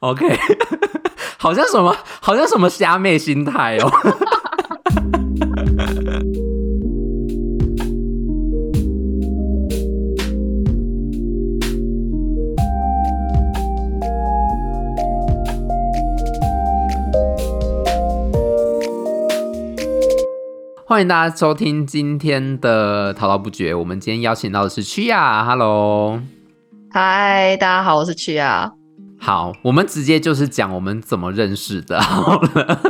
OK， 好像什麼，好像什麼瞎妹心態哦。 歡迎大家收聽今天的滔滔不絕。我們今天邀請到的是 Chia，Hello，嗨，Hi, 大家好，我是 Chia。好，我們直接就是講我們怎麼認識的。好了，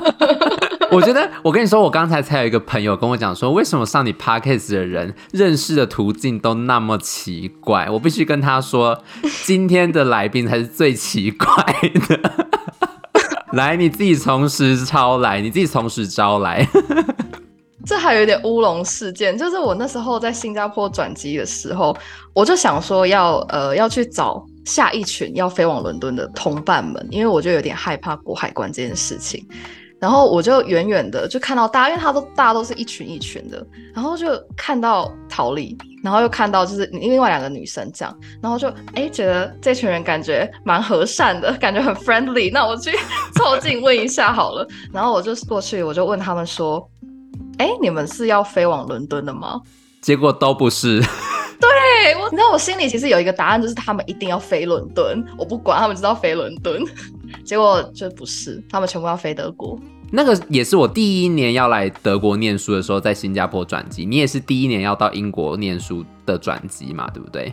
我覺得我跟你說，我剛才才有一個朋友跟我講說，為什麼上你 podcast 的人認識的途徑都那麼奇怪？我必須跟他說，今天的來賓才是最奇怪的。 來，你自己從實招來，你自己從實招來。 這還有一點烏龍事件，就是我那時候在新加坡轉機的時候，我就想說要呃要去找。下一群要飛往倫敦的同伴們，因為我就有點害怕過海關這件事情，然後我就遠遠的就看到大家，因為他都大家都是一群一群的，然後就看到桃莉，然後又看到就是另外兩個女生這樣，然後就哎、欸、覺得這群人感覺蠻和善的，感覺很 friendly，那我去 湊近問一下好了，然後我就過去我就問他們說，哎、欸、你們是要飛往倫敦的嗎？結果都不是。你知道我心裡其實有一個答案，就是他們一定要飛倫敦，我不管，他們知道飛倫敦。結果就不是，他們全部要飛德國。那個也是我第一年要來德國念書的時候，在新加坡轉機。你也是第一年要到英國念書的轉機嘛，對不對？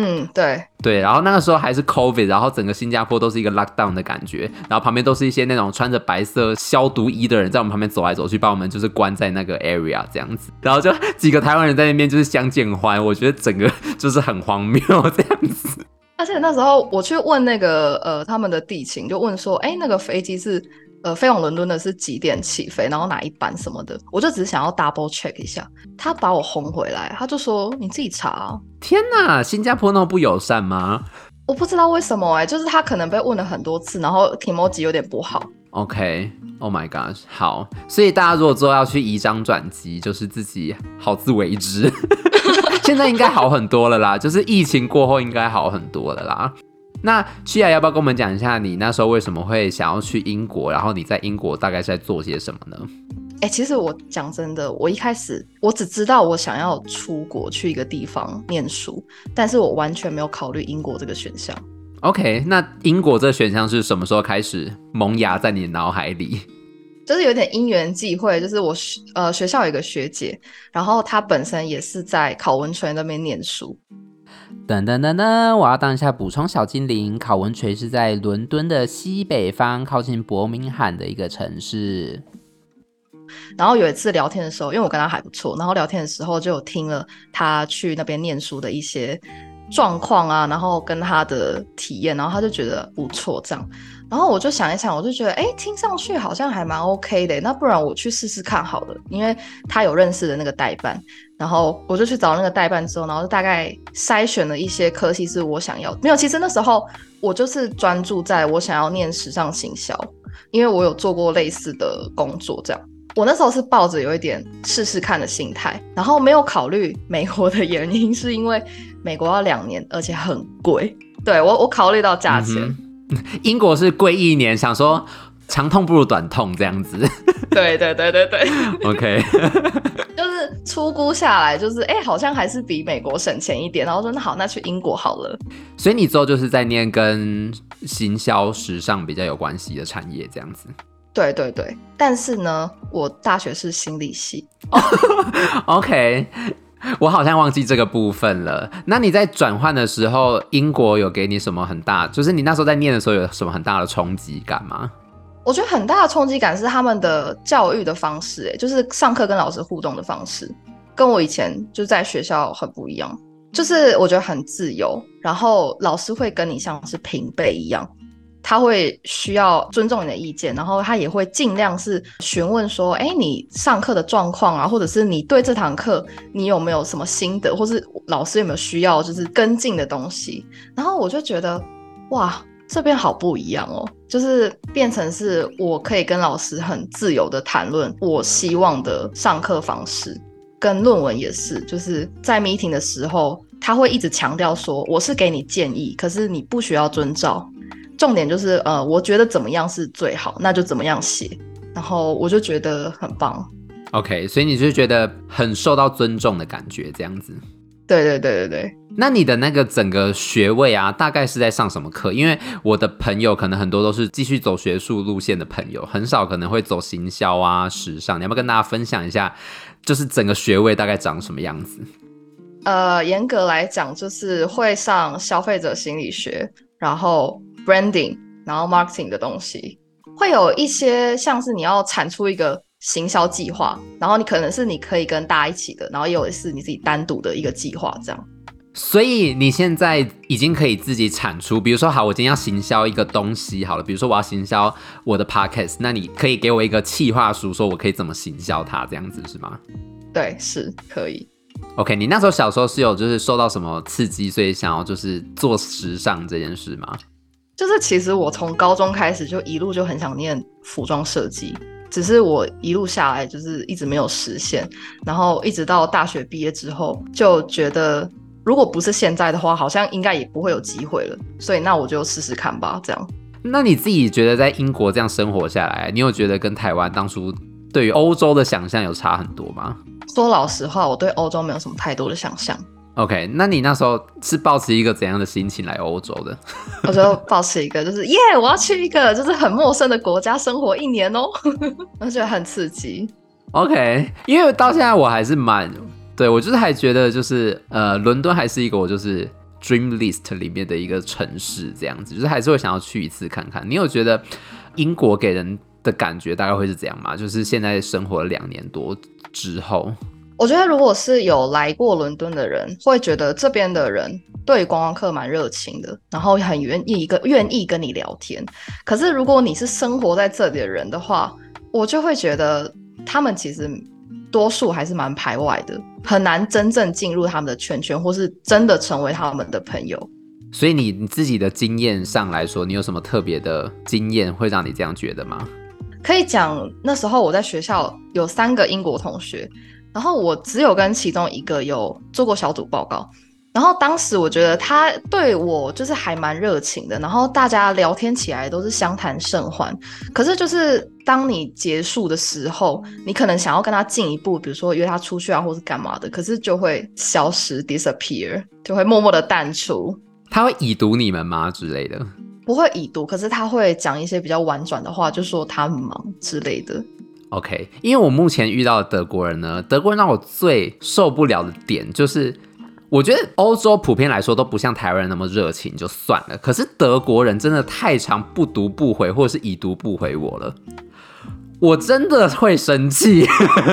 嗯，對對，然後那個時候還是 COVID，然後整個新加坡都是一個 lockdown 的感覺，然後旁邊都是一些那種穿着白色消毒衣的人在我們旁邊走來走去，把我們就是關在那個 area 這樣子，然後就幾個台灣人在那邊就是相見歡，我覺得整個就是很荒謬這樣子。而且那時候我去問那個呃他們的地勤，就問說，哎，那個飛機是。呃，飛往倫敦的是幾點起飛，然後哪一班什麼的，我就只想要 double check 一下。他把我轟回來，他就說你自己查，啊。天哪，新加坡那麼不友善嗎？我不知道為什麼、欸，哎，就是他可能被問了很多次，然後提 m o 有點不好。OK，Oh、okay, my god，好。所以大家如果說要去移章轉機，就是自己好自為之。 現在應該好很多了啦， 就是疫情過後應該好很多了啦。那 Chia 要不要跟我們講一下你那時候為什麼會想要去英國？然後你在英國大概是在做些什麼呢？哎、欸，其實我講真的，我一開始我只知道我想要出國去一個地方念書，但是我完全沒有考慮英國這個選項。OK，那英國這個選項是什麼時候開始萌芽在你的腦海裡？就是有點因緣際會，就是我學呃學校有一個學姐，然後她本身也是在考文垂那邊念書。等等等等，我要當一下補充小精靈。考文垂是在倫敦的西北方，靠近伯明翰的一個城市。然後有一次聊天的時候，因為我跟他還不錯，然後聊天的時候就有聽了他去那邊念書的一些狀況啊，然後跟他的體驗，然後他就覺得不錯，這樣。然後我就想一想，我就覺得，誒，聽上去好像還蠻 OK 的。那不然我去試試看好了，因為他有認識的那個代辦。然後我就去找那個代辦之後，然後就大概篩選了一些科系，是我想要。沒有，其實那時候我就是專注在我想要念時尚行銷，因為我有做過類似的工作。這樣，我那時候是抱着有一點試試看的心態，然後沒有考慮美國的原因，是因為美國要兩年，而且很貴。對，我，我考慮到價錢。嗯英國是貴一年，想說長痛不如短痛這樣子。對對對對對。 OK，就是初估下來，就是哎、欸，好像還是比美國省錢一點。然後說那好，那去英國好了。所以你之後就是在念跟行銷、時尚比較有關係的產業這樣子。對對對，但是呢，我大學是心理系。Oh. OK。我好像忘記這個部分了。那你在轉換的時候，英國有給你什麼很大，就是你那時候在念的時候，有什麼很大的衝擊感嗎？我覺得很大的衝擊感是他們的教育的方式，欸，就是上課跟老師互動的方式，跟我以前就在學校很不一樣。就是我覺得很自由，然後老師會跟你像是平輩一樣。他會需要尊重你的意見，然後他也會盡量是詢問說：“哎，你上課的狀況啊，或者是你對這堂課你有沒有什麼心得，或是老師有沒有需要就是跟進的東西。”然後我就覺得，哇，這邊好不一樣哦，就是變成是我可以跟老師很自由的談論我希望的上課方式，跟論文也是，就是在 meeting 的時候，他會一直強調說：“我是給你建議，可是你不需要遵照。”重點就是，呃，我覺得怎麼樣是最好，那就怎麼樣寫，然後我就覺得很棒。OK，所以你就覺得很受到尊重的感覺，這樣子。對對對對對。那你的那個整個學位啊，大概是在上什麼課？因為我的朋友可能很多都是繼續走學術路線的朋友，很少可能會走行銷啊、時尚。你要不要跟大家分享一下，就是整個學位大概長什麼樣子？呃，嚴格來講，就是會上消費者心理學，然後。Branding，然後 marketing 的東西，會有一些像是你要產出一個行銷計劃，然後你可能是你可以跟大家一起的，然後也有是你自己單獨的一個計劃這樣。所以你現在已經可以自己產出，比如說好，我今天要行銷一個東西，好了，比如說我要行銷我的 podcast，那你可以給我一個企劃書，說我可以怎麼行銷它，這樣子是嗎？對，是可以。OK，你那時候小時候是有就是受到什麼刺激，所以想要就是做時尚這件事嗎？就是其實我從高中開始就一路就很想念服裝設計，只是我一路下來就是一直沒有實現，然後一直到大學畢業之後就覺得，如果不是現在的話，好像應該也不會有機會了。所以那我就試試看吧。這樣，那你自己覺得在英國這樣生活下來，你有覺得跟台灣當初對於歐洲的想象有差很多嗎？說老實話，我對歐洲沒有什麼太多的想象。OK，那你那時候是抱持一個怎樣的心情來歐洲的？ 我就抱持一個，就是耶，我要去一個就是很陌生的國家生活一年哦，我覺得很刺激。OK，因為到現在我還是蠻對我就是還覺得就是呃，倫敦還是一個我就是 dream list 裡面的一個城市，這樣子就是還是會想要去一次看看。你有覺得英國給人的感覺大概會是怎樣嗎？就是現在生活了兩年多之後。我覺得，如果是有來過倫敦的人，會覺得這邊的人對觀光客蠻熱情的，然後很願意跟，願意跟你聊天。可是，如果你是生活在這裡的人的話，我就會覺得他們其實多數還是蠻排外的，很難真正進入他們的圈圈，或是真的成為他們的朋友。所以，你你自己的經驗上來說，你有什麼特別的經驗會讓你這樣覺得嗎？可以講，那時候我在學校有三個英國同學。然後我只有跟其中一個有做過小組報告，然後當時我覺得他對我就是還蠻熱情的，然後大家聊天起來都是相談甚歡。可是就是當你結束的時候，你可能想要跟他進一步，比如說約他出去啊，或是幹嘛的，可是就會消失，disappear，就會默默的淡出。他會已讀你們嗎之類的？不會已讀，可是他會講一些比較婉轉的話，就說他很忙之類的。OK，因為我目前遇到的德國人呢，德國人讓我最受不了的點就是，我覺得歐洲普遍來說都不像台灣人那麼熱情，就算了，可是德國人真的太常不讀不回，或者是已讀不回我了。我真的會生氣，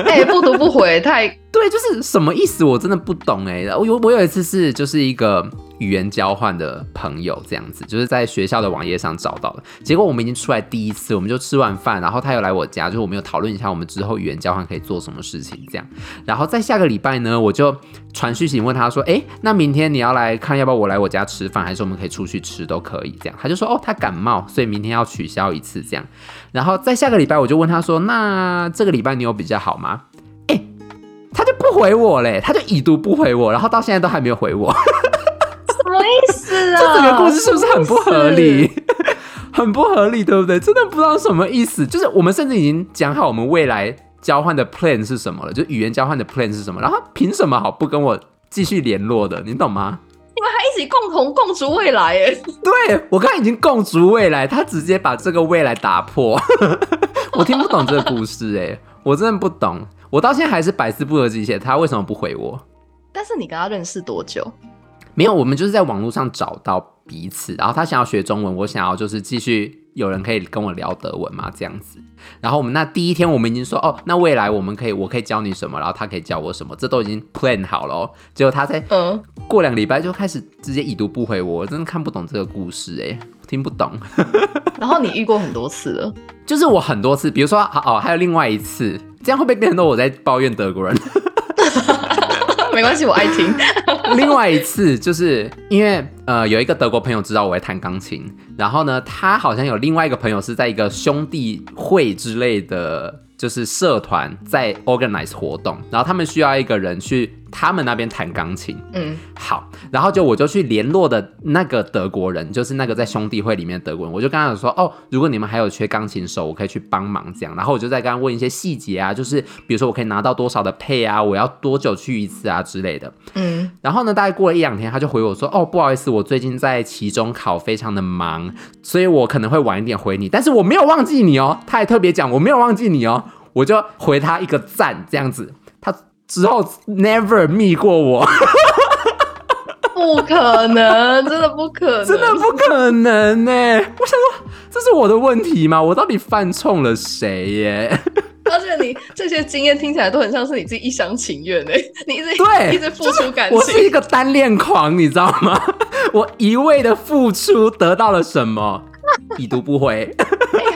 哎，不讀不回，太 對，就是什麼意思？我真的不懂哎、欸。我有我有一次是就是一個語言交換的朋友，這樣子就是在學校的網頁上找到的。結果我們已經出來第一次，我們就吃完飯，然後他又來我家，就是我們有討論一下我們之後語言交換可以做什麼事情這樣。然後在下個禮拜呢，我就傳訊息問他說，哎、欸，那明天你要來看，要不要我來我家吃飯，還是我們可以出去吃都可以這樣。他就說，哦，他感冒，所以明天要取消一次這樣。然後在下個禮拜，我就問他說：“那這個禮拜你有比較好嗎？”哎，他就不回我嘞，他就已讀不回我，然後到現在都還沒有回我，什麼意思啊？ 這整個故事是不是很不合理？ 很不合理，對不對？真的不知道什麼意思。就是我們甚至已經講好我們未來交換的 plan 是什麼了，就語言交換的 plan 是什麼，然後憑什麼好不跟我繼續聯絡的？你懂嗎？共同共築未來誒，對，我剛才已經共築未來，他直接把這個未來打破， 我聽不懂這個故事哎， 我真的不懂，我到現在還是百思不得其解，他為什麼不回我？但是你跟他認識多久？沒有，我們就是在網絡上找到彼此，然後他想要學中文，我想要就是繼續。有人可以跟我聊德文嗎？這樣子，然後我們那第一天，我們已經說哦，那未來我們可以，我可以教你什麼，然後他可以教我什麼，這都已經 plan 好了哦。結果他在嗯，過兩個禮拜就開始直接已讀不回我，我真的看不懂這個故事哎、欸，聽不懂。 然後你遇過很多次了，就是我很多次，比如說哦，還有另外一次，這樣會不會變成我在抱怨德國人？ 沒關係，我愛聽。 另外一次，就是因為呃，有一個德國朋友知道我會彈鋼琴，然後呢，他好像有另外一個朋友是在一個兄弟會之類的，就是社團在 organize 活動，然後他們需要一個人去。他們那邊彈鋼琴，嗯，好，然後就我就去聯絡的那個德國人，就是那個在兄弟會裡面的德國人，我就跟他說哦，如果你們還有缺鋼琴手，我可以去幫忙這樣，然後我就在跟他問一些細節啊，就是比如說我可以拿到多少的配啊，我要多久去一次啊之類的，嗯，然後呢，大概過了一兩天，他就回我說哦，不好意思，我最近在期中考，非常的忙，所以我可能會晚一點回你，但是我沒有忘記你哦，他也特別講我沒有忘記你哦，我就回他一個讚這樣子。之後 never meet 過我， 不可能，真的不可能，真的不可能呢、欸？我想說，這是我的問題嗎？我到底犯沖了誰耶、欸？而且你這些經驗聽起來都很像是你自己一廂情願呢、欸。你一直對，一直付出感情。是我是一個單戀狂，你知道嗎？我一味的付出得到了什麼？已讀不回。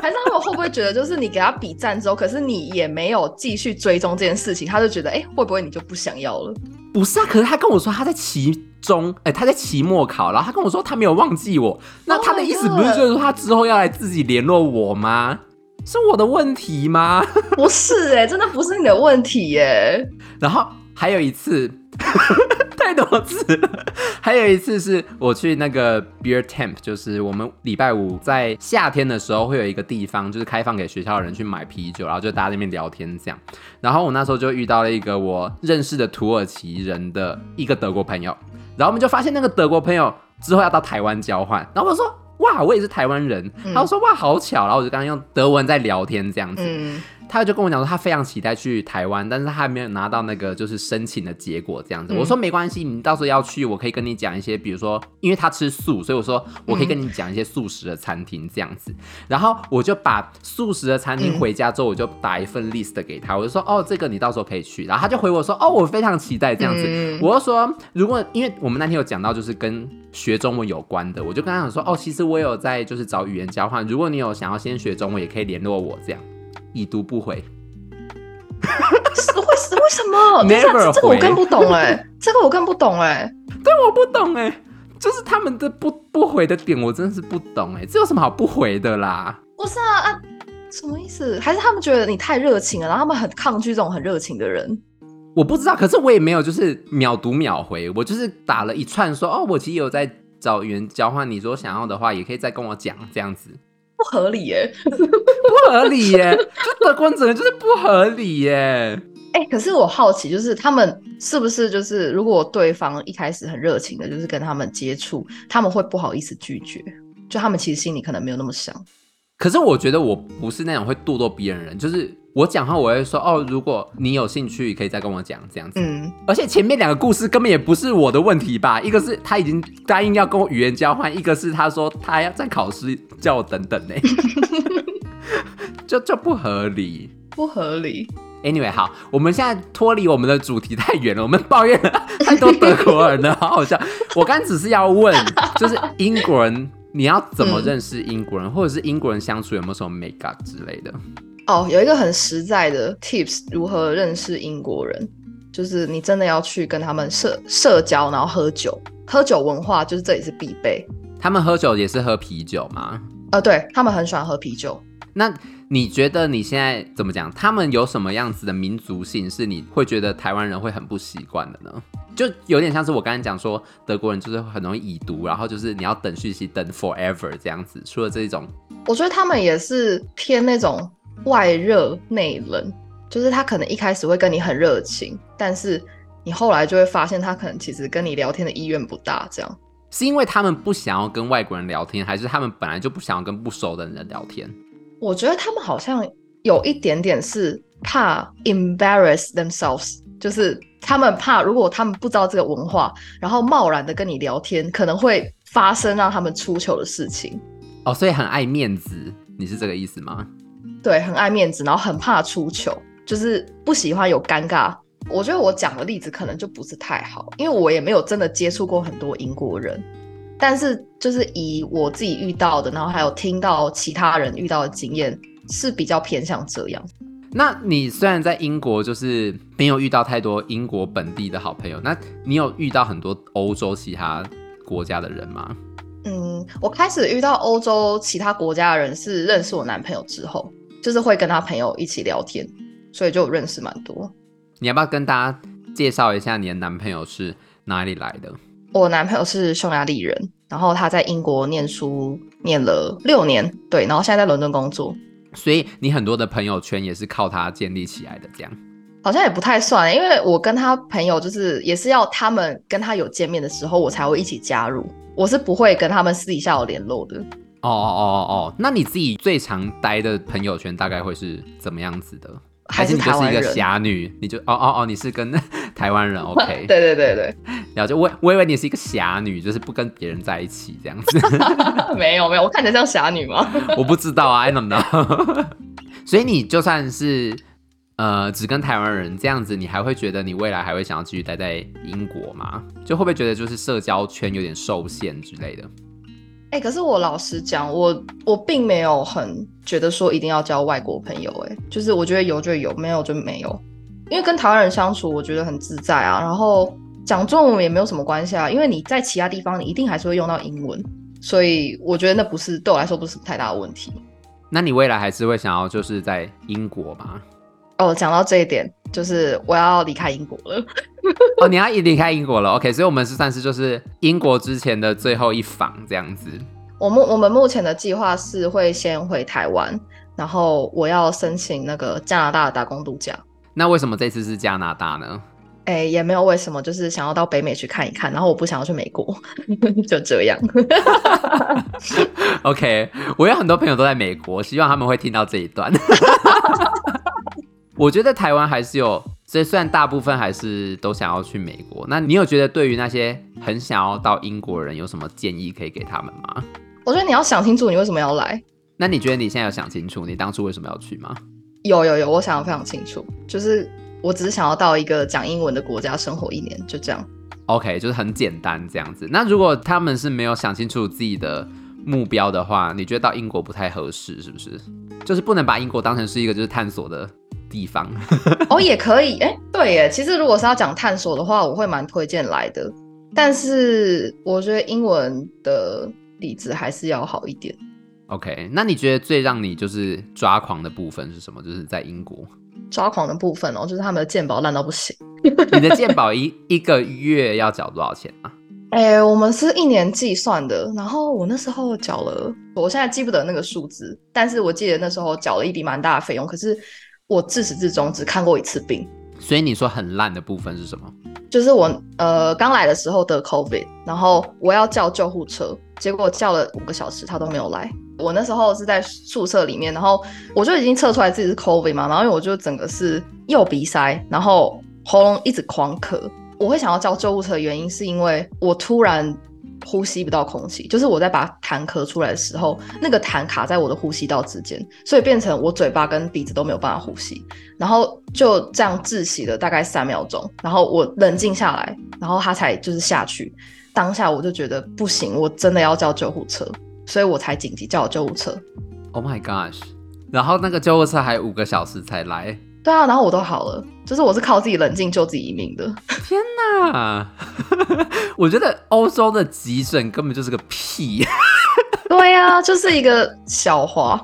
還是他會不會覺得，就是你給他比讚之後，可是你也沒有繼續追蹤這件事情，他就覺得，哎、欸，會不會你就不想要了？不是啊，可是他跟我說他在期中，哎、欸，他在期末考，然後他跟我說他沒有忘記我，那他的意思不是就是說他之後要來自己聯絡我嗎？Oh、是我的問題嗎？ 不是、欸，哎，真的不是你的問題、欸，耶。然後還有一次。 太多次， 還有一次是我去那個 Beer Temp，就是我們禮拜五在夏天的時候會有一個地方，就是開放給學校的人去買啤酒，然後就大家那邊聊天這樣。然後我那時候就遇到了一個我認識的土耳其人的一個德國朋友，然後我們就發現那個德國朋友之後要到台灣交換，然後我說哇，我也是台灣人，然後我、嗯、說哇，好巧，然後我就剛剛用德文在聊天這樣子。嗯他就跟我講說，他非常期待去台灣，但是他還沒有拿到那個就是申請的結果這樣子。嗯、我說沒關係，你到時候要去，我可以跟你講一些，比如說，因為他吃素，所以我說我可以跟你講一些素食的餐廳這樣子。然後我就把素食的餐廳回家之後，嗯、我就打一份 list 給他，我就說哦，這個你到時候可以去。然後他就回我說哦，我非常期待這樣子。嗯、我就說如果因為我們那天有講到就是跟學中文有關的，我就跟他講說哦，其實我有在就是找語言交換，如果你有想要先學中文，也可以聯絡我這樣。已讀不回，為什 為什麼？Never 回，這個我更不懂哎、欸， 這個我更不懂哎、欸，對，我不懂哎、欸，就是他們的不不回的點，我真是不懂哎、欸，這有什麼好不回的啦？不是啊，啊，什麼意思？還是他們覺得你太熱情了，然後他們很抗拒這種很熱情的人？我不知道，可是我也沒有就是秒讀秒回，我就是打了一串說，哦，我其實有在找人交換，你如果想要的話，也可以再跟我講，這樣子。不合理哎、欸。 不合理耶，就德國人就是不合理耶。哎、欸，可是我好奇，就是他們是不是就是如果對方一開始很熱情的，就是跟他們接觸，他們會不好意思拒絕，就他們其實心裡可能沒有那麼想。可是我覺得我不是那種會咄咄逼人的人，就是我講話我會說哦，如果你有興趣，可以再跟我講這樣子。嗯。而且前面兩個故事根本也不是我的問題吧？一個是他已經答應要跟我語言交換，一個是他說他要在考試，叫我等等呢、欸。 就就不合理，不合理。Anyway，好，我們現在脫離我們的主題太遠了。我們抱怨太多德國人了，好好笑。 我剛只是要問，就是英國人，你要怎麼認識英國人，嗯、或者是英國人相處有沒有什麼 make up 之類的？哦，oh, 有一個很實在的 tips，如何認識英國人，就是你真的要去跟他們社社交，然後喝酒，喝酒文化就是這也是必備。他們喝酒也是喝啤酒嗎？呃、oh，對他們很喜歡喝啤酒。那你覺得你現在怎麼講？他們有什麼樣子的民族性是你會覺得台灣人會很不習慣的呢？就有點像是我剛才講說，德國人就是很容易已讀，然後就是你要等訊息等 forever 這樣子。除了這一種，我覺得他們也是偏那種外熱內冷，就是他可能一開始會跟你很熱情，但是你後來就會發現他可能其實跟你聊天的意願不大。這樣是因為他們不想要跟外國人聊天，還是他們本來就不想要跟不熟的人聊天？我覺得他們好像有一點點是怕 embarrass themselves，就是他們怕如果他們不知道這個文化，然後貿然的跟你聊天，可能會發生讓他們出糗的事情。哦，所以很愛面子，你是這個意思嗎？對，很愛面子，然後很怕出糗，就是不喜歡有尷尬。我覺得我講的例子可能就不是太好，因為我也沒有真的接觸過很多英國人。但是，就是以我自己遇到的，然後還有聽到其他人遇到的經驗，是比較偏向這樣。那你雖然在英國就是沒有遇到太多英國本地的好朋友，那你有遇到很多歐洲其他國家的人嗎？嗯，我開始遇到歐洲其他國家的人是認識我男朋友之後，就是會跟他朋友一起聊天，所以就認識蠻多。你要不要跟大家介紹一下你的男朋友是哪裡來的？我男朋友是匈牙利人，然後他在英國念書念了六年，對，然後現在在倫敦工作。所以你很多的朋友圈，也是靠他建立起來的，這樣？好像也不太算，因為我跟他朋友就是也是要他們跟他有見面的時候，我才會一起加入，我是不會跟他們私底下有聯絡的。哦哦哦哦，哦，那你自己最常待的朋友圈大概會是怎麼樣子的？還是你就是一個俠女？你就哦哦哦，你是跟？台灣人，OK，對對對對，然後就我我以為你是一個俠女，就是不跟別人在一起這樣子， 沒有沒有，我看起來像俠女嗎？ 我不知道啊，I don't know， 所以你就算是呃只跟台灣人這樣子，你還會覺得你未來還會想要繼續待在英國嗎？就會不會覺得就是社交圈有點受限之類的？哎、欸，可是我老實講，我我並沒有很覺得說一定要交外國朋友，欸，哎，就是我覺得有就有，沒有就沒有。因為跟台灣人相處，我覺得很自在啊。然後講中文也沒有什麼關係啊，因為你在其他地方，你一定還是會用到英文，所以我覺得那不是對我來說不是什麼太大的問題。那你未來還是會想要就是在英國嗎？哦，講到這一點，就是我要離開英國了。 哦，你要離開英國了，OK？所以，我們是算是就是英國之前的最後一訪這樣子。我目我們目前的計劃是會先回台灣，然後我要申請那個加拿大的打工度假。那為什麼這次是加拿大呢？哎、欸，也沒有為什麼，就是想要到北美去看一看，然後我不想要去美國， 就這樣。 OK，我有很多朋友都在美國，希望他們會聽到這一段。 我覺得台灣還是有，雖然大部分還是都想要去美國，那你有覺得對於那些很想要到英國人有什麼建議可以給他們嗎？我覺得你要想清楚你為什麼要來。那你覺得你現在有想清楚你當初為什麼要去嗎？有有有，我想得非常清楚，就是我只是想要到一個講英文的國家生活一年，就這樣。OK，就是很簡單這樣子。那如果他們是沒有想清楚自己的目標的話，你覺得到英國不太合適，是不是？就是不能把英國當成是一個就是探索的地方。 哦，也可以，哎，對耶。其實如果是要講探索的話，我會蠻推薦來的。但是我覺得英文的底子還是要好一點。OK，那你覺得最讓你就是抓狂的部分是什麼？就是在英國抓狂的部分哦、喔，就是他們的健保爛到不行。你的健保一 一個月要繳多少錢啊？哎、欸，我們是一年計算的，然後我那時候繳了，我現在記不得那個數字，但是我記得那時候繳了一筆蠻大的費用。可是我自始至終只看過一次病，所以你說很爛的部分是什麼？就是我呃剛來的時候得 COVID，然後我要叫救護車，結果叫了五個小時，他都沒有來。我那時候是在宿舍裡面，然後我就已經測出來自己是 COVID 嘛，然後因為我就整個是又鼻塞，然後喉嚨一直狂咳。我會想要叫救護車的原因是因為我突然呼吸不到空氣，就是我在把痰咳出來的時候，那個痰卡在我的呼吸道之間，所以變成我嘴巴跟鼻子都沒有辦法呼吸，然後就這樣窒息了大概三秒鐘，然後我冷靜下來，然後他才就是下去。當下我就覺得不行，我真的要叫救護車。所以我才緊急叫我救護車。Oh my gosh！然後那個救護車還有五個小時才來。對啊，然後我都好了，就是我是靠自己冷靜救自己一命的。天哪！ 我覺得歐洲的急診根本就是個屁。 對啊，就是一個笑話。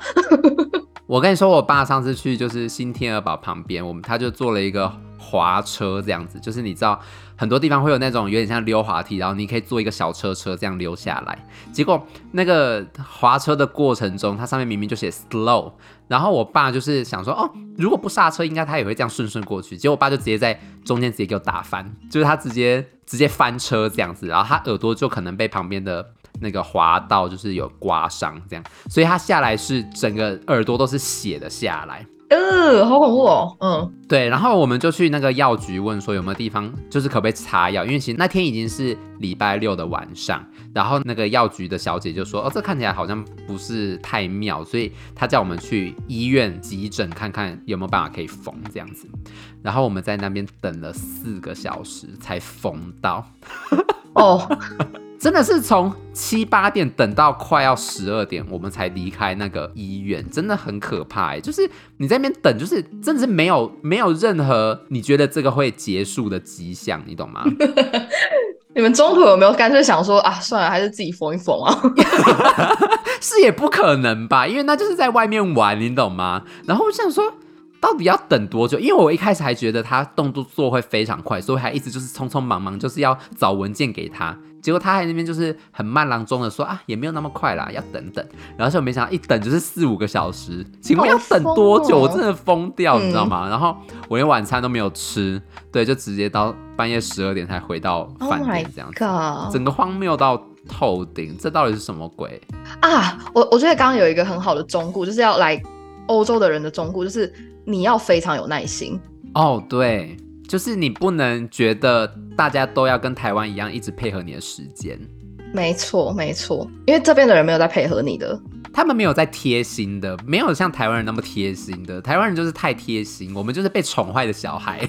我跟你說，我爸上次去就是新天鵝堡旁邊，我們他就坐了一個滑車這樣子，就是你知道。很多地方會有那種有點像溜滑梯，然後你可以坐一個小車車這樣溜下來。結果那個滑車的過程中，它上面明明就寫 slow。然後我爸就是想說，哦，如果不剎車，應該他也會這樣順順過去。結果我爸就直接在中間直接給我打翻，就是他直接直接翻車這樣子，然後他耳朵就可能被旁邊的那個滑道就是有刮傷這樣，所以他下來是整個耳朵都是血的下來。呃、嗯，好恐怖哦！嗯，對，然後我們就去那個藥局問說有沒有地方，就是可不可以擦藥，因為其實那天已經是禮拜六的晚上，然後那個藥局的小姐就說，哦，這看起來好像不是太妙，所以她叫我們去醫院急診看看有沒有辦法可以縫這樣子，然後我們在那邊等了四個小時才縫到，哦。 真的是從七八點等到快要十二點，我們才離開那個醫院，真的很可怕欸。哎,就是你在那邊等，就是真的是沒有沒有任何你覺得這個會結束的跡象，你懂嗎？ 你們中途有沒有乾脆想說啊，算了，還是自己縫一縫啊？ 是也不可能吧，因為那就是在外面玩，你懂嗎？然後我想說，到底要等多久？因為我一開始還覺得他動作做會非常快，所以還一直就是匆匆忙忙，就是要找文件給他。結果他在那邊就是很慢郎中的說啊，也沒有那麼快啦，要等等。然後我沒想到一等就是四五個小時，請問要等多久？我真的瘋掉，你知道嗎？然後我連晚餐都沒有吃，對，就直接到半夜十二點才回到飯店，這樣子，整個荒謬到透頂。這到底是什麼鬼啊？我我覺得剛剛有一個很好的忠告，就是要來歐洲的人的忠告，就是你要非常有耐心哦。對，就是你不能覺得。大家都要跟台灣一樣，一直配合你的時間。沒錯，沒錯，因為這邊的人沒有在配合你的，他們沒有在貼心的，沒有像台灣人那麼貼心的。台灣人就是太貼心，我們就是被寵壞的小孩。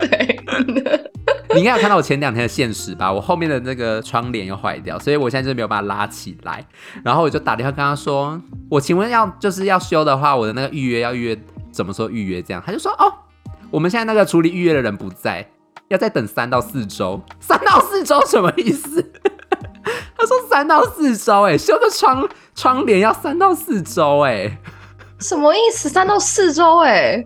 對， 你應該有看到我前兩天的限時吧？我後面的那個窗簾又壞掉，所以我現在就沒有把它拉起來。然後我就打電話跟他說：“我請問要就是要修的話，我的那個預約要預約怎麼說預約？”這樣他就說：“哦，我們現在那個處理預約的人不在。”要再等三到四周，三到四周什麼意思？ 他說三到四周，哎，修個窗窗簾要三到四周、欸，哎，什麼意思？三到四周、欸，哎，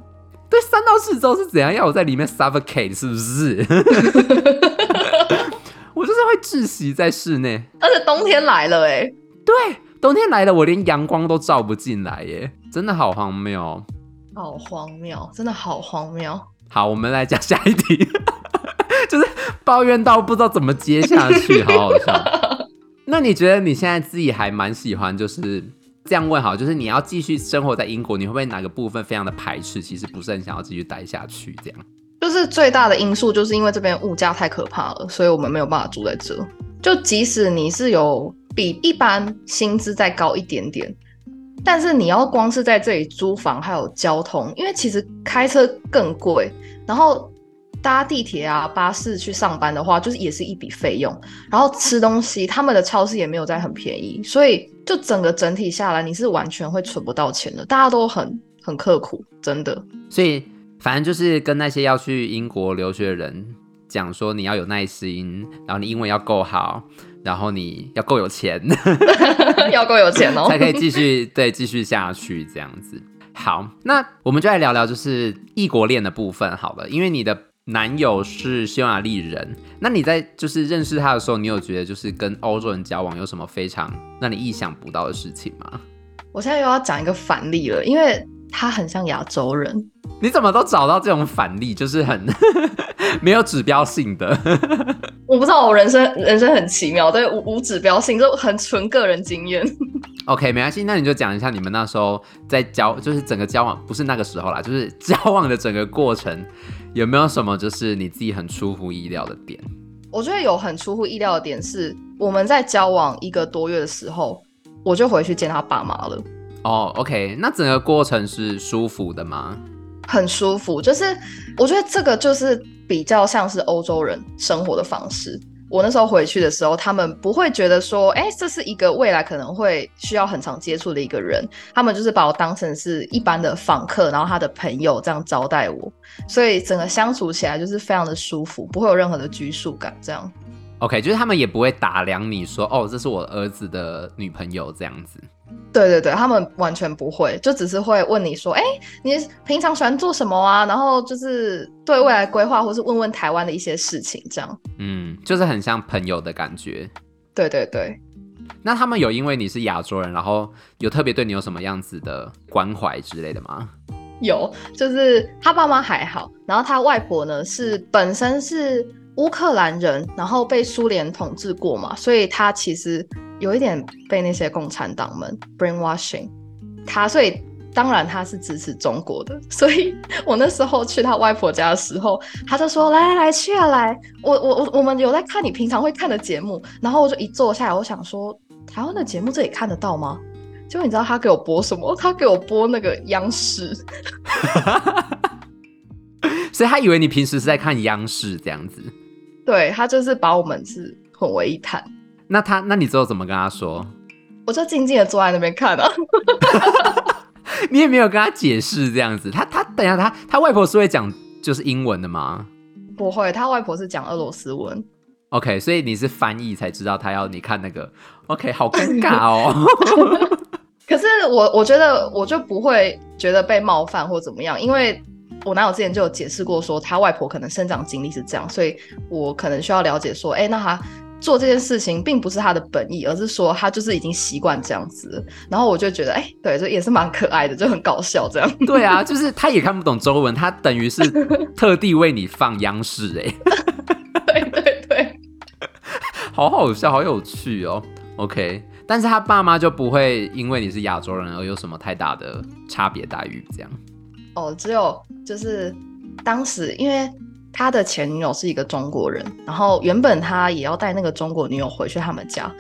對，三到四周是怎樣？要我在裡面 suffocate 是不是？ 我就是會窒息在室內，而且冬天來了、欸，哎，對，冬天來了，我連陽光都照不進來、欸，耶，真的好荒謬，好荒謬，真的好荒謬。好，我們來講下一題。就是抱怨到不知道怎麼接下去，好好笑。 那你覺得你現在自己還蠻喜歡，就是這樣問好，就是你要繼續生活在英國，你會不會哪個部分非常的排斥？其實不是很想要繼續待下去，這樣。就是最大的因素，就是因為這邊物價太可怕了，所以我們沒有辦法住在這。就即使你是有比一般薪資再高一點點，但是你要光是在這裡租房還有交通，因為其實開車更貴，然後。搭地鐵啊、巴士去上班的話，就是也是一筆費用。然後吃東西，他們的超市也沒有在很便宜，所以就整個整體下來，你是完全會存不到錢的。大家都很、很刻苦，真的。所以反正就是跟那些要去英國留學的人講說，你要有耐心，然後你英文要夠好，然後你要夠有錢， 要夠有錢哦，才可以繼續。對，繼續下去這樣子。好，那我們就來聊聊就是異國戀的部分好了，因為你的。男友是匈牙利人，那你在就是認識他的時候，你有覺得就是跟歐洲人交往有什麼非常讓你意想不到的事情嗎？我現在又要講一個反例了，因為。他很像亞洲人，你怎麼都找到這種反例？就是很 沒有指標性的 。我不知道，我人生人生很奇妙，對，無無指標性，就很純個人經驗。 OK，沒關係，那你就講一下你們那時候在交，就是整個交往，不是那個時候啦，就是交往的整個過程，有沒有什麼就是你自己很出乎意料的點？我覺得有很出乎意料的點是，我們在交往一個多月的時候，我就回去見他爸媽了。哦，OK，那整個過程是舒服的嗎？很舒服，就是我覺得這個就是比較像是歐洲人生活的方式。我那時候回去的時候，他們不會覺得說，哎、欸，這是一個未來可能會需要很長接觸的一個人，他們就是把我當成是一般的訪客，然後他的朋友這樣招待我，所以整個相處起來就是非常的舒服，不會有任何的拘束感。這樣，OK，就是他們也不會打量你說，哦，這是我兒子的女朋友這樣子。對對對，他們完全不會，就只是會問你說：“誒，你平常喜歡做什麼啊？”然後就是對未來規劃，或是問問台灣的一些事情這樣。嗯，就是很像朋友的感覺。對對對，那他們有因為你是亞洲人，然後有特別對你有什麼樣子的關懷之類的嗎？有，就是他爸媽還好，然後他外婆呢是本身是，烏克蘭人，然後被蘇聯統治過嘛，所以他其實有一點被那些共產黨們 brainwashing 他，所以當然他是支持中國的。所以我那時候去他外婆家的時候，他就說：“來來來，去啊來！我我我，我們有在看你平常會看的節目。”然後我就一坐下來，我想說：“台灣的節目這裡看得到嗎？”結果你知道他給我播什麼？他給我播那個央視， 所以他以為你平時是在看央視這樣子。對，他就是把我們是混為一談。那他那，你之後怎麼跟他說？我就靜靜的坐在那邊看啊。 你也沒有跟他解釋這樣子。他他等下，他他外婆是會講就是英文的嗎？不會，他外婆是講俄羅斯文。OK，所以你是翻譯才知道他要你看那個。OK，好尷尬哦。 可是我我覺得我就不會覺得被冒犯或怎麼樣，因為。我男友之前就有解釋過，說他外婆可能生長經歷是這樣，所以我可能需要了解，說，哎、欸，那他做這件事情並不是他的本意，而是說他就是已經習慣這樣子。然後我就覺得，哎、欸，對，這也是蠻可愛的，就很搞笑這樣。對啊，就是他也看不懂中文，他等於是特地為你放央視、欸，哎， 對對對， 好好笑，好有趣哦。OK，但是他爸媽就不會因為你是亞洲人而有什麼太大的差別待遇這樣。哦，只有就是當時，因為他的前女友是一個中國人，然後原本他也要帶那個中國女友回去他們家，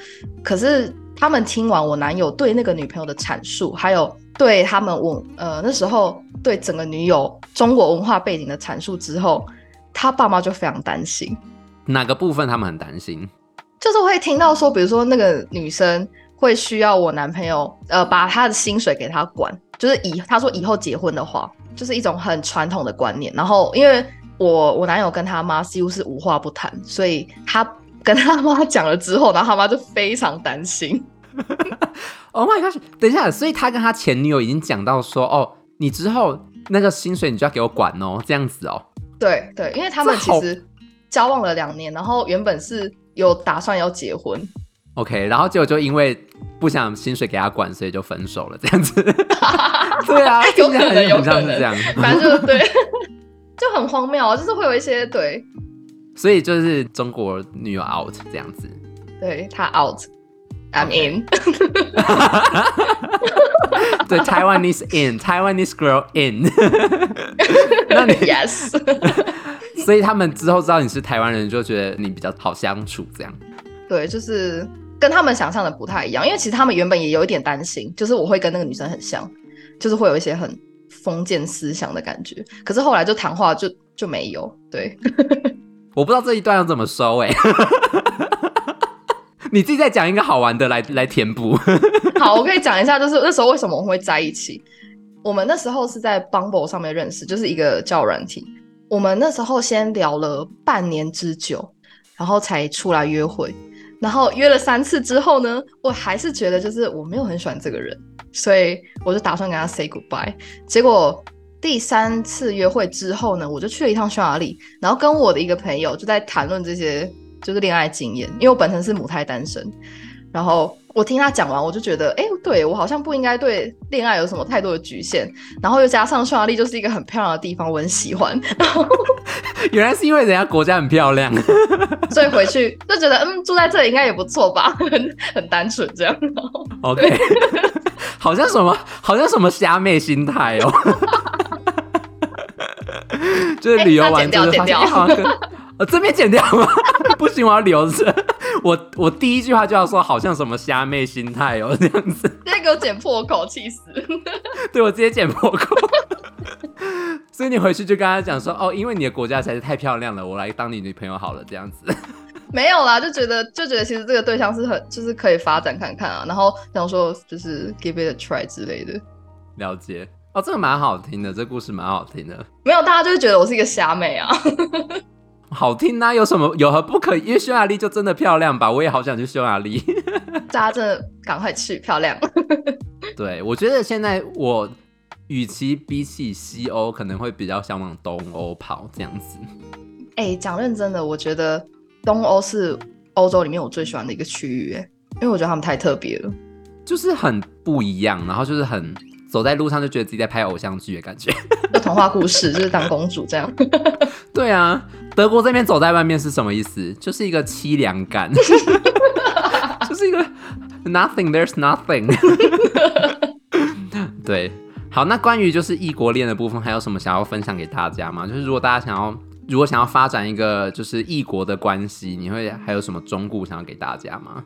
可是他們聽完我男友對那個女朋友的闡述，還有對他們問呃那時候對整個女友中國文化背景的闡述之後，他爸媽就非常擔心。哪個部分他們很擔心？就是我會聽到說，比如說那個女生會需要我男朋友呃把他的薪水給他管。就是以他說以後結婚的話，就是一種很傳統的觀念。然後，因為我我男友跟他媽幾乎是無話不談，所以他跟他媽講了之後，然後他媽就非常擔心。 Oh my gosh！等一下，所以他跟他前女友已經講到說，哦，你之後那個薪水你就要給我管哦，這樣子哦。對對，因為他們其實交往了兩年，然後原本是有打算要結婚。OK，然後結果就因為。不想薪水給他管，所以就分手了，這樣子。啊 對啊，有可能，是像是這樣有可能。反正就是對，就很荒謬啊，就是會有一些對。所以就是中國女友 out 這樣子，對她 out，I'm in。對，台灣 is in，台灣 is girl in。 那你 yes。 所以他們之後知道你是台灣人，就覺得你比較好相處，這樣。對，就是。跟他們想象的不太一樣，因為其實他們原本也有一點擔心，就是我會跟那個女生很像，就是會有一些很封建思想的感覺。可是後來就談話就就沒有，對。 我不知道這一段要怎麼收、欸，哎， 你自己再講一個好玩的來來填補。 好，我可以講一下，就是那時候為什麼我們會在一起。我們那時候是在 Bumble 上面認識，就是一個交友軟體。我們那時候先聊了半年之久，然後才出來約會。然後約了三次之後呢，我還是覺得就是我沒有很喜歡這個人，所以我就打算跟他 say goodbye。結果第三次約會之後呢，我就去了一趟匈牙利，然後跟我的一個朋友就在談論這些就是戀愛經驗，因為我本身是母胎單身。然後我聽他講完，我就覺得，哎，對我好像不應該對戀愛有什麼太多的局限。然後又加上匈牙利就是一個很漂亮的地方，我很喜歡。然後原來是因為人家國家很漂亮，所以回去就覺得，嗯，住在這裡應該也不錯吧，很很單純這樣。OK，好像什麼，好像什麼瞎妹心態哦， 就是旅遊完好像剪掉，剪掉，哦，這邊剪掉嗎？不行，我要留着。我我第一句話就要說，好像什麼蝦妹心態哦，這樣子。直接給我剪破口，氣死 。對我直接剪破口。 所以你回去就跟他講說，哦，因為你的國家才在是太漂亮了，我來當你女朋友好了，這樣子。沒有啦，就覺得就覺得其實這個對象是很就是可以發展看看啊，然後想說就是 give it a try 之類的。了解，哦，這個蠻好聽的，這個、故事蠻好聽的。沒有，大家就是覺得我是一個蝦妹啊。 好聽吶、啊，有什麼有何不可？因為匈牙利就真的漂亮吧，我也好想去匈牙利。扎着趕快去，漂亮。 對，我覺得現在我與其比起西歐，可能會比較想往東歐跑這樣子。哎、欸，講認真的，我覺得東歐是歐洲裡面我最喜歡的一個區域，因為我覺得他們太特別了，就是很不一樣，然後就是很走在路上就覺得自己在拍偶像劇的感覺，就 童話故事，就是當公主這樣。 對啊。德國這邊走在外面是什麼意思？就是一個淒涼感， 就是一個 nothing，there's nothing。 對，好，那關於就是異國戀的部分，還有什麼想要分享給大家嗎？就是如果大家想要，如果想要發展一個就是異國的關係，你會還有什麼忠告想要給大家嗎？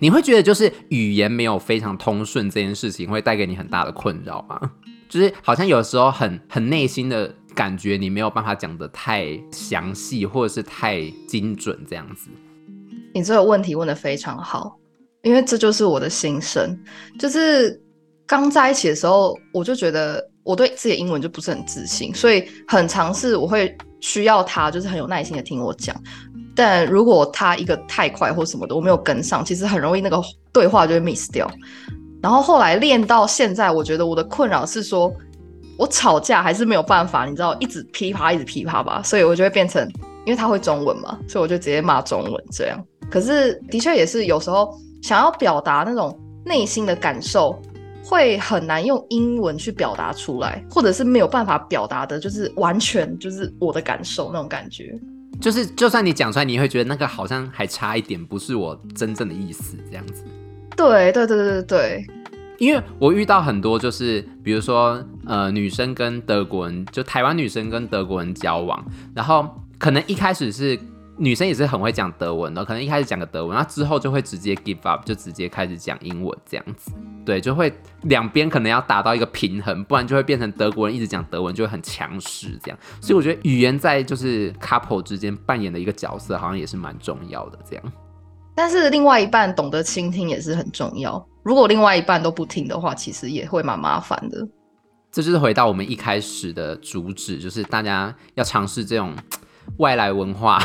你會覺得就是語言沒有非常通順這件事情會帶給你很大的困擾嗎？就是好像有時候很很內心的。感覺你沒有辦法講的太詳細或者是太精準這樣子。你這個問題問的非常好，因為這就是我的心聲。就是剛在一起的時候，我就覺得我對自己的英文就不是很自信，所以很嘗試我會需要他，就是很有耐心的聽我講。但如果他一個太快或什麼的，我沒有跟上，其實很容易那個對話就會 miss 掉。然後後來練到現在，我覺得我的困擾是說。我吵架還是沒有辦法，你知道，一直噼啪，一直噼啪吧，所以我就會變成，因為他會中文嘛，所以我就直接罵中文這樣。可是的確也是，有時候想要表達那種內心的感受，會很難用英文去表達出來，或者是沒有辦法表達的，就是完全就是我的感受那種感覺。就是就算你講出來，你也會覺得那個好像還差一點，不是我真正的意思這樣子，對。對對對對對對。因為我遇到很多，就是比如說，呃，女生跟德國人，就台灣女生跟德國人交往，然後可能一開始是女生也是很會講德文的，可能一開始講個德文，那之後就會直接 give up，就直接開始講英文這樣子，對，就會兩邊可能要達到一個平衡，不然就會變成德國人一直講德文，就會很強勢這樣，所以我覺得語言在就是 couple 之間扮演的一個角色，好像也是蠻重要的這樣。但是另外一半懂得傾聽也是很重要。如果另外一半都不聽的話，其實也會蠻麻煩的。這就是回到我們一開始的主旨，就是大家要嘗試這種外來文化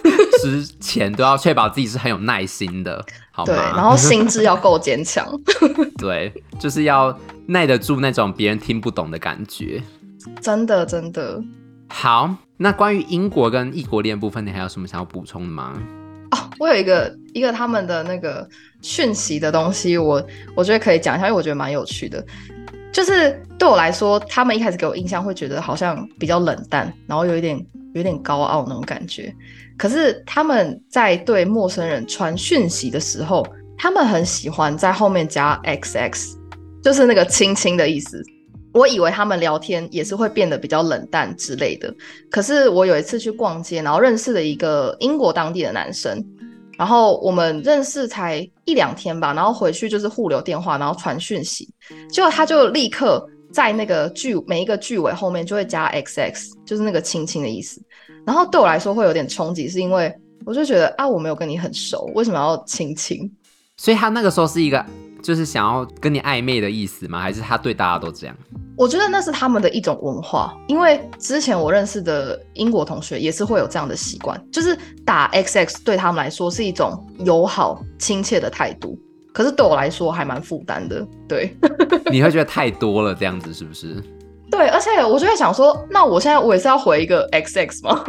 之前，都要確保自己是很有耐心的，好嗎？對，然後心智要夠堅強， 對，就是要耐得住那種別人聽不懂的感覺。真的，真的。好，那關於英國跟異國戀部分，你還有什麼想要補充的嗎？哦，我有一個一個他們的那個訊息的東西我，我我覺得可以講一下，因為我覺得蠻有趣的。就是對我來說，他們一開始給我印象會覺得好像比較冷淡，然後有一點有一點高傲那種感覺。可是他們在對陌生人傳訊息的時候，他們很喜歡在後面加 “xx”，就是那個親親的意思。我以為他們聊天也是會變得比較冷淡之類的，可是我有一次去逛街，然後認識了一個英國當地的男生，然後我們認識才一兩天吧，然後回去就是互留電話，然後傳訊息，結果他就立刻在那個句每一個句尾後面就會加 XX，就是那個親親的意思，然後對我來說會有點衝擊，是因為我就覺得啊，我沒有跟你很熟，為什麼要親親？所以他那個時候是一個。就是想要跟你曖昧的意思嗎？還是他對大家都這樣？我覺得那是他們的一種文化，因為之前我認識的英國同學也是會有這樣的習慣，就是打 xx 對他們來說是一種友好親切的態度，可是對我來說還蠻負擔的。對，你會覺得太多了，這樣子是不是？ 對，而且我就會想說，那我現在我也是要回一個 xx 嗎？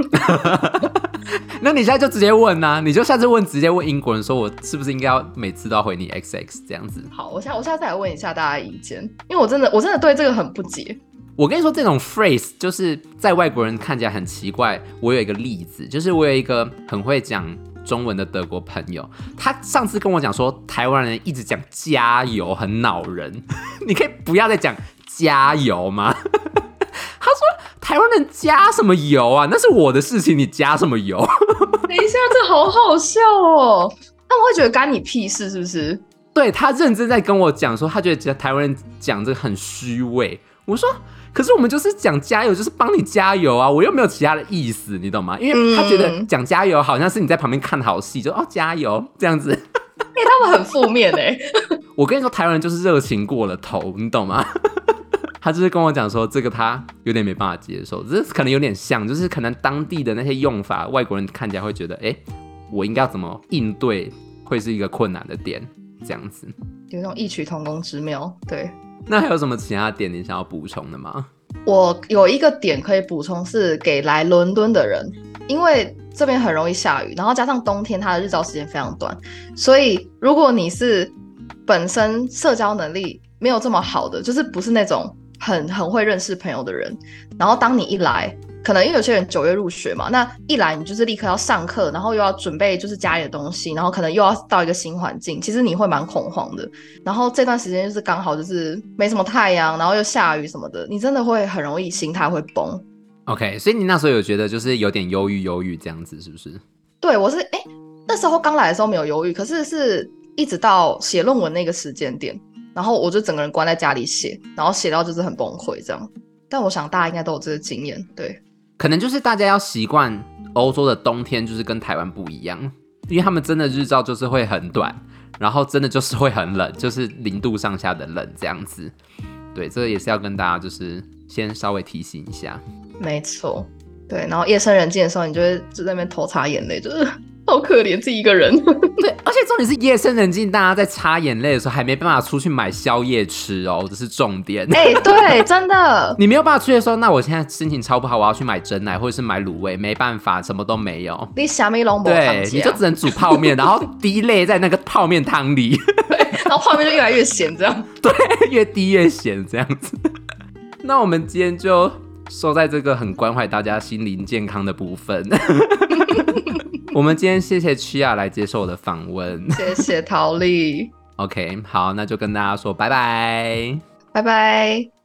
那你現在就直接問吶、啊，你就下次問，直接問英國人說，我是不是應該要每次都要回你 X X 這樣子？好，我下我下次來問一下大家意見，因為我真的我真的對這個很不解。我跟你說，這種 phrase 就是在外國人看起來很奇怪。我有一個例子，就是我有一個很會講中文的德國朋友，他上次跟我講說，台灣人一直講加油，很惱人。 你可以不要再講加油嗎？ 他說：“台灣人加什麼油啊？那是我的事情，你加什麼油？ 等一下，這好好笑哦！他們會覺得干你屁事，是不是？”對，他認真在跟我講說，他覺得台灣人講這個很虛偽。我說：“可是我們就是講加油，就是幫你加油啊！我又沒有其他的意思，你懂嗎？因為他覺得講加油好像是你在旁邊看好戲，就哦加油，這樣子。哎、 欸，他們很負面哎、欸！ 我跟你說，台灣人就是熱情過了頭，你懂嗎？”他就是跟我講說，這個他有點沒辦法接受，這是可能有點像，就是可能當地的那些用法，外國人看起來會覺得，哎、欸，我應該要怎麼應對，會是一個困難的點，這樣子。有那種異曲同工之妙，對。那還有什麼其他的點你想要補充的嗎？我有一個點可以補充是給來倫敦的人，因為這邊很容易下雨，然後加上冬天它的日照時間非常短，所以如果你是本身社交能力沒有這麼好的，就是不是那種。很很會認識朋友的人，然後當你一來，可能因為有些人九月入學嘛，那一來你就是立刻要上課，然後又要準備就是家裡的東西，然後可能又要到一個新環境，其實你會蠻恐慌的。然後這段時間就是剛好就是沒什麼太陽，然後又下雨什麼的，你真的會很容易心態會崩。OK，所以你那時候有覺得就是有點憂鬱憂鬱這樣子是不是？對，我是，哎、欸、那時候剛來的時候沒有憂鬱，可是是一直到寫論文那個時間點。然後我就整個人關在家裡寫，然後寫到就是很崩潰這樣。但我想大家應該都有這個經驗，對。可能就是大家要習慣歐洲的冬天，就是跟台灣不一樣，因為他們真的日照就是會很短，然後真的就是會很冷，就是零度上下的冷這樣子。對，這個也是要跟大家就是先稍微提醒一下。沒錯，對。然後夜深人靜的時候，你就會就在那邊偷擦眼淚，就是。好可憐，這一個人。 對，而且重點是夜深人靜，大家在擦眼淚的時候，還沒辦法出去買宵夜吃哦，這是重點。哎、欸，對，真的， 你沒有辦法出去的時候，那我現在心情超不好，我要去買珍奶或者是買滷味，沒辦法，什麼都沒有。你小米龍博湯對，你就只能煮泡麵，然後滴淚在那個泡面湯裡 ，然後泡面就越來越鹹，這樣。對，越滴越鹹，這樣子。 那我們今天就。說在這個很關懷大家心靈健康的部分 我們今天謝謝 Chia 來接受我的訪問， 謝謝陶麗。OK，好，那就跟大家說拜拜，拜拜。